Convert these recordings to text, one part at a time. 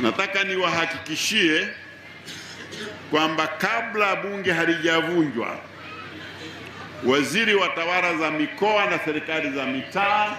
Nataka niwahakikishie kwamba kabla bunge halijavunjwa, waziri wa tawala za mikoa na serikali za mitaa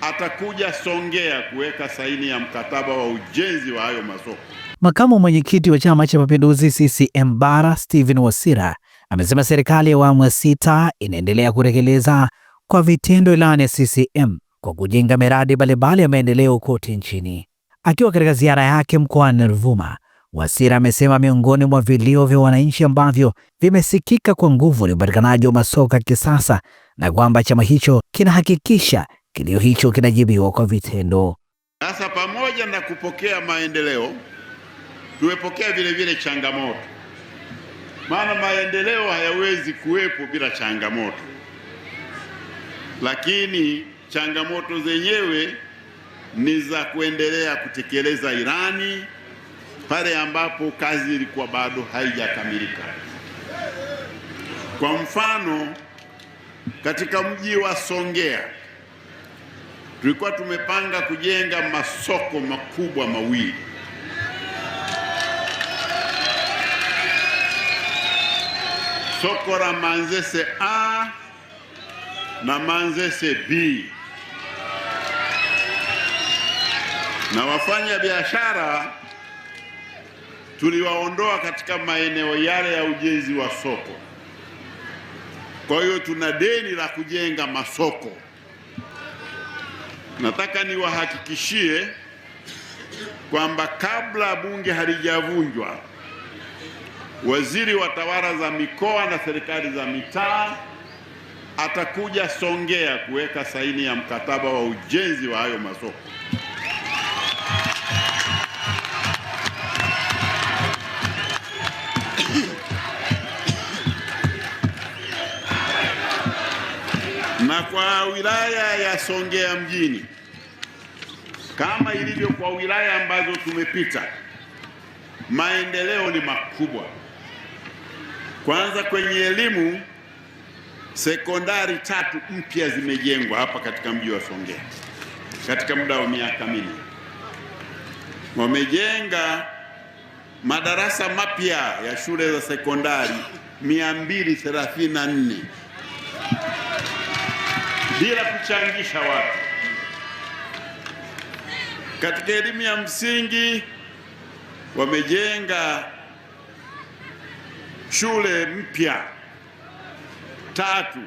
atakuja Songea kuweka saini ya mkataba wa ujenzi wa hayo masoko. Makamu mwenyekiti wa Chama cha Mapinduzi CCM Bara, Steven Wasira, amesema serikali ya awamu ya sita inaendelea kutekeleza kwa vitendo ilani ya CCM kwa kujenga miradi mbalimbali ya maendeleo kote nchini. Akiwa katika ziara yake mkoani Ruvuma, Wasira amesema miongoni mwa vilio vya wananchi ambavyo vimesikika kwa nguvu ni upatikanaji wa masoko ya kisasa na kwamba chama hicho kinahakikisha kilio hicho kinajibiwa kwa vitendo. Sasa pamoja na kupokea maendeleo, tumepokea vile vile changamoto, maana maendeleo hayawezi kuwepo bila changamoto, lakini changamoto zenyewe ni za kuendelea kutekeleza irani pale ambapo kazi ilikuwa bado haijakamilika. Kwa mfano, katika mji wa Songea tulikuwa tumepanga kujenga masoko makubwa mawili. Soko la Manzese A na Manzese B. na wafanya biashara tuliwaondoa katika maeneo yale ya ujenzi wa soko. Kwa hiyo tuna deni la kujenga masoko. Nataka niwahakikishie kwamba kabla bunge halijavunjwa, waziri wa tawala za mikoa na serikali za mitaa atakuja Songea kuweka saini ya mkataba wa ujenzi wa hayo masoko. wilaya ya Songea mjini kama ilivyo kwa wilaya ambazo tumepita, maendeleo ni makubwa. Kwanza kwenye elimu, sekondari tatu mpya zimejengwa hapa katika mji wa Songea katika muda wa miaka minne. Wamejenga madarasa mapya ya shule za sekondari 234 bila kuchangisha watu. Katika elimu ya msingi wamejenga shule mpya tatu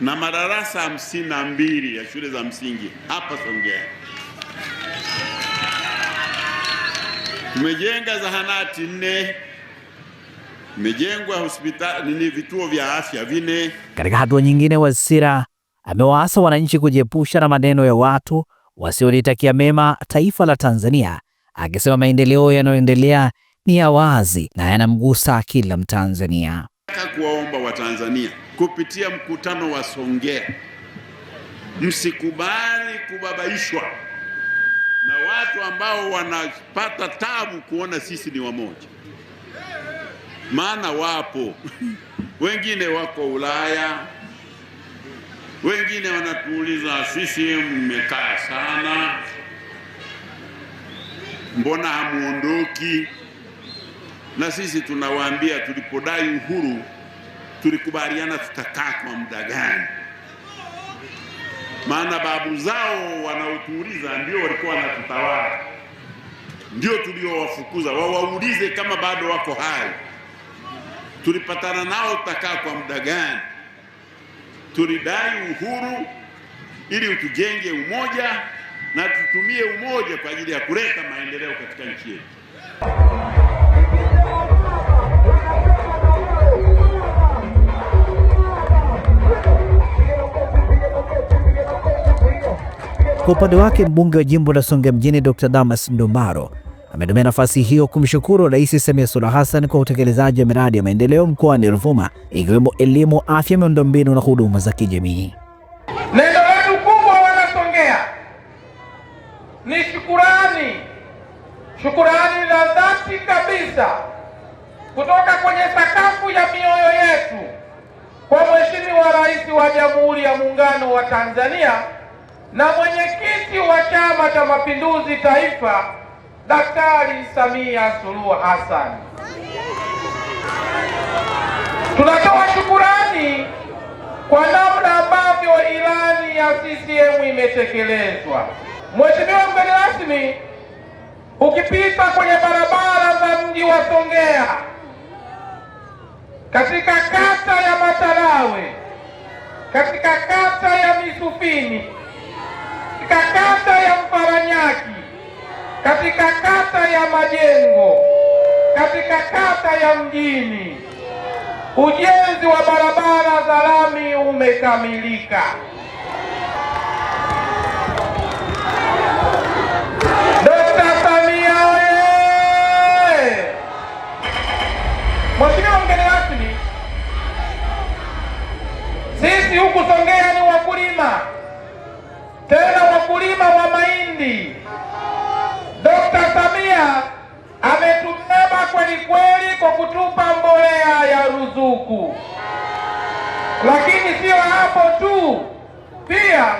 na madarasa hamsini na mbili ya shule za msingi hapa Songea. Tumejenga zahanati nne imejengwa hospitali ni vituo vya afya vine. Katika hatua nyingine, Wasira amewaasa wananchi kujiepusha na maneno ya watu wasiolitakia mema taifa la Tanzania, akisema maendeleo yanayoendelea ni ya wazi na yanamgusa kila Mtanzania. Nataka kuwaomba Watanzania kupitia mkutano wa Songea, msikubali kubabaishwa na watu ambao wanapata tabu kuona sisi ni wamoja maana wapo wengine wako Ulaya, wengine wanatuuliza sisi, mmekaa sana, mbona hamuondoki? Na sisi tunawaambia tulipodai uhuru tulikubaliana tutakaa kwa muda gani? Maana babu zao wanaotuuliza ndio walikuwa wanatutawala, ndio tuliowafukuza. Wawaulize kama bado wako hai tulipatana nao tutakaa kwa muda gani? Tulidai uhuru ili utujenge umoja na tutumie umoja kwa ajili ya kuleta maendeleo katika nchi yetu. Kwa upande wake mbunge wa jimbo la Songea mjini Dr. Damas Ndumbaro ametumia nafasi hiyo kumshukuru Rais Samia Suluhu Hassan kwa utekelezaji wa miradi ya maendeleo mkoani Ruvuma ikiwemo elimu, afya, miundombinu na huduma za kijamii. Neno letu kubwa Wanasongea ni shukurani, shukurani la dhati kabisa kutoka kwenye sakafu ya mioyo yetu kwa Mheshimiwa Rais wa Jamhuri ya Muungano wa Tanzania na mwenyekiti wa Chama cha Mapinduzi Taifa Daktari Samia Suluhu Hassan. Tunatoa shukurani kwa namna ambavyo ilani ya CCM imetekelezwa. Mheshimiwa mgeni rasmi, ukipita kwenye barabara za mji wa Songea katika kata ya matarawe katika kata ya Misufini, katika kata ya Mfaranyaki, katika kata ya Majengo, katika kata ya Mjini ujenzi wa barabara za lami umekamilika. kweli kweli kwa kutupa mbolea ya ruzuku. Lakini sio hapo tu, pia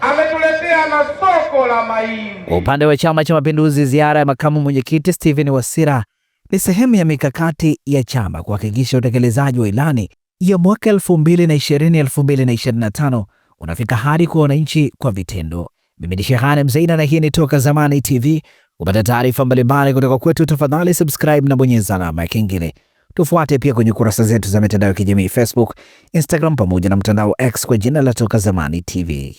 ametuletea na soko la mahindi. Kwa upande wa Chama cha Mapinduzi, ziara ya makamu mwenyekiti Stephen Wasira ni sehemu ya mikakati ya chama kuhakikisha utekelezaji wa ilani ya mwaka 2020-2025 unafika hadi kwa wananchi kwa vitendo. Mimi ni Shehane mzeina na hii ni Toka Zamani TV. Kupata taarifa mbalimbali kutoka kwetu, tafadhali subscribe na bonyeza alama ya kengele. Tufuate pia kwenye kurasa zetu za mitandao ya kijamii Facebook, Instagram pamoja na mtandao X kwa jina la Toka Zamani TV.